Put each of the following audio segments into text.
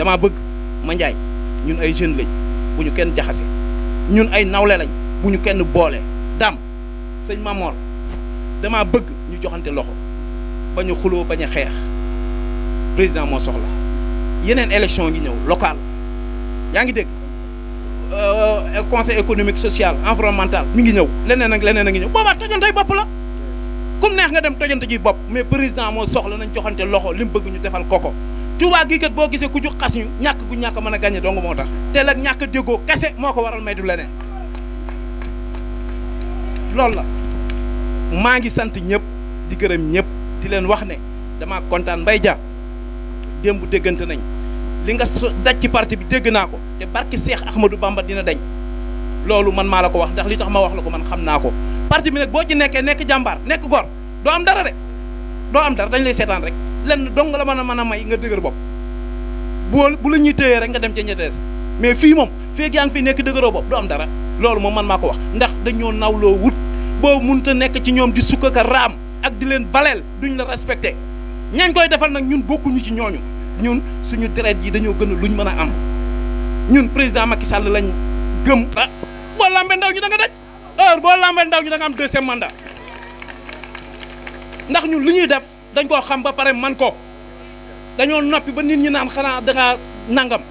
damaa bëgg ma ñun ay jeunes lañ bu ñu kenn jaxase ñun ay nawle lañ bu ñu kenn boole daam sëñ Mamor damaa bëgg ñu joxante loxo ba ñu xuloo bañ a xeex président moo soxla yeneen élection ngi ñëw local yaa ngi dégg euh, euh, conseil économique social environnemental mi ngi ñëw leneen ak leneen a ngi ñëw boobaa tojantey bopp la comme neex nga dem tojante ji bopp mais président moo soxla nañ joxante loxo li bëgg ñu defal koko Touba gi kat boo gisee ku jug xas ñu ñàkk gu ñàkk mën a gagné dong moo tax te nag ñàkk déggoo kese moo ko waral may du leneen loolu la maa ngi sant ñëpp di gërëm ñëpp di leen wax ne damaa kontaan Mbaye Dia démb déggante nañ li nga daj ci parti bi dégg naa ko te barki Seex Ahmadou Bamba dina dañ loolu man maa la ko wax ndax li tax ma wax la ko man xam naa ko parti bi nag boo ci nekkee nekk jàmbaar nekk gor doo am dara de doo am dara dañ lay seetaan rek len dong la mana mana may nga dëgër bop bu lu ñuy téyee rek nga dem ci ñettes mais fi mom feeg yaa ngi fi nek dëgëroo bop du am dara lolu mom man mako wax ndax dañoo nawloo wut boo munta nek ci ñom di sukk ka ram ak di len balel duñ la respecté ñen koy defal nak ñun bokku ñu ci ñoñu ñun suñu deret yi dañu gën luñ mëna am ñun président Macky Sall lañ gëm. ba ah, bo lambe ndaw ñu da nga daj heure bo lambe ndaw ñu da nga am deuxième mandat ndax ñun luñuy def. dañ koo xam ba pare man ko dañoo noppi ba nit ñi naan xanaa dangaa nangam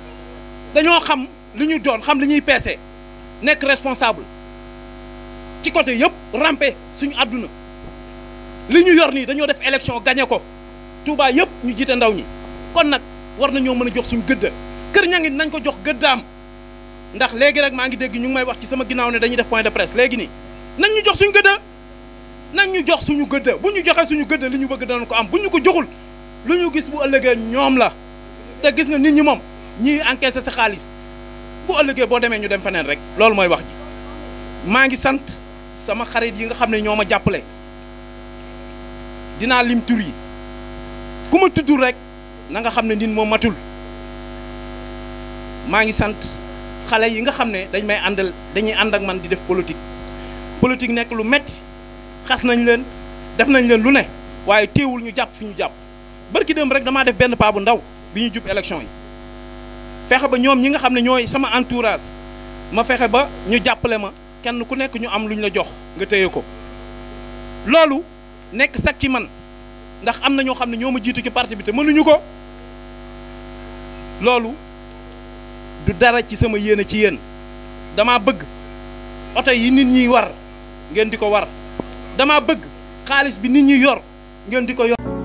dañoo xam li ñu doon xam li ñuy peese nekk responsable ci côté yëpp rampe suñu àdduna li ñu yor nii dañoo def election gagné ko Touba yëpp ñu jiite ndaw ñi kon nag war nañoo mën a jox suñu gëdd kër ña ngi nañ ko jox gëddaam ndax léegi rek maa ngi dégg ñu ngi may wax ci sama ginnaaw ne dañuy def point de presse léegi nii nañ ñu jox suñu gëdd nañ ñu jox suñu gëdd bu ñu joxee suñu gëdd li ñu bëgg danañ ko am bu ñu ko joxul lu ñu gis bu ëllëgee ñoom la te gis nga nit ñi moom ñii encaissé sa xaalis bu ëllëgee boo demee ñu dem feneen rek loolu mooy wax ji maa ngi sant sama xarit yi nga xam ne ñoo ma jàppale dinaa lim tur yi ku ma tuddul rek na nga xam ne nit moom matul maa ngi sant xale yi nga xam ne dañ may àndal dañuy ànd ak man di def politique politique nekk lu metti xas nañ leen def nañ leen lu ne waaye téewul ñu jàpp fi ñu jàpp barki dem rek damaa def benn pas bu ndaw bi ñu jub élection yi fexe ba ñoom ñi nga xam ne ñooy sama entourage ma fexe ba ñu jàppale ma kenn ku nekk ñu am lu ñu la jox nga téye ko loolu nekk sax ci man ndax am na ñoo xam ne ñoo ma jiitu ci parti bi te mënuñu ko loolu du dara ci sama yéene ci yéen damaa bëgg oto yi nit ñi war ngeen di ko war dama bëgg xaalis bi nit ñi yor ngeen di ko yor